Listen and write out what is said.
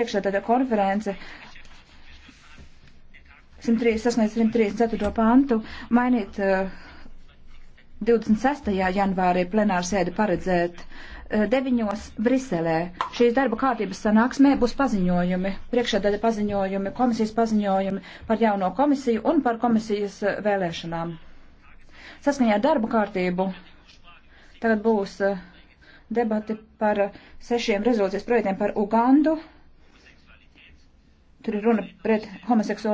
priekšsēdētāja konference 138.134. pantu mainīt 26. Eh, janvārī plenāru sēdi paredzēt 9. Eh, Briselē. Šīs darba kārtības sanāksmē būs paziņojumi, priekšsēdētāja paziņojumi, komisijas paziņojumi par jauno komisiju un par komisijas eh, vēlēšanām. Saskaņā ar darba kārtību tagad būs debati par sešiem rezolūcijas projektiem par Ugandu, Tur ir runa pret homoseksuāliem.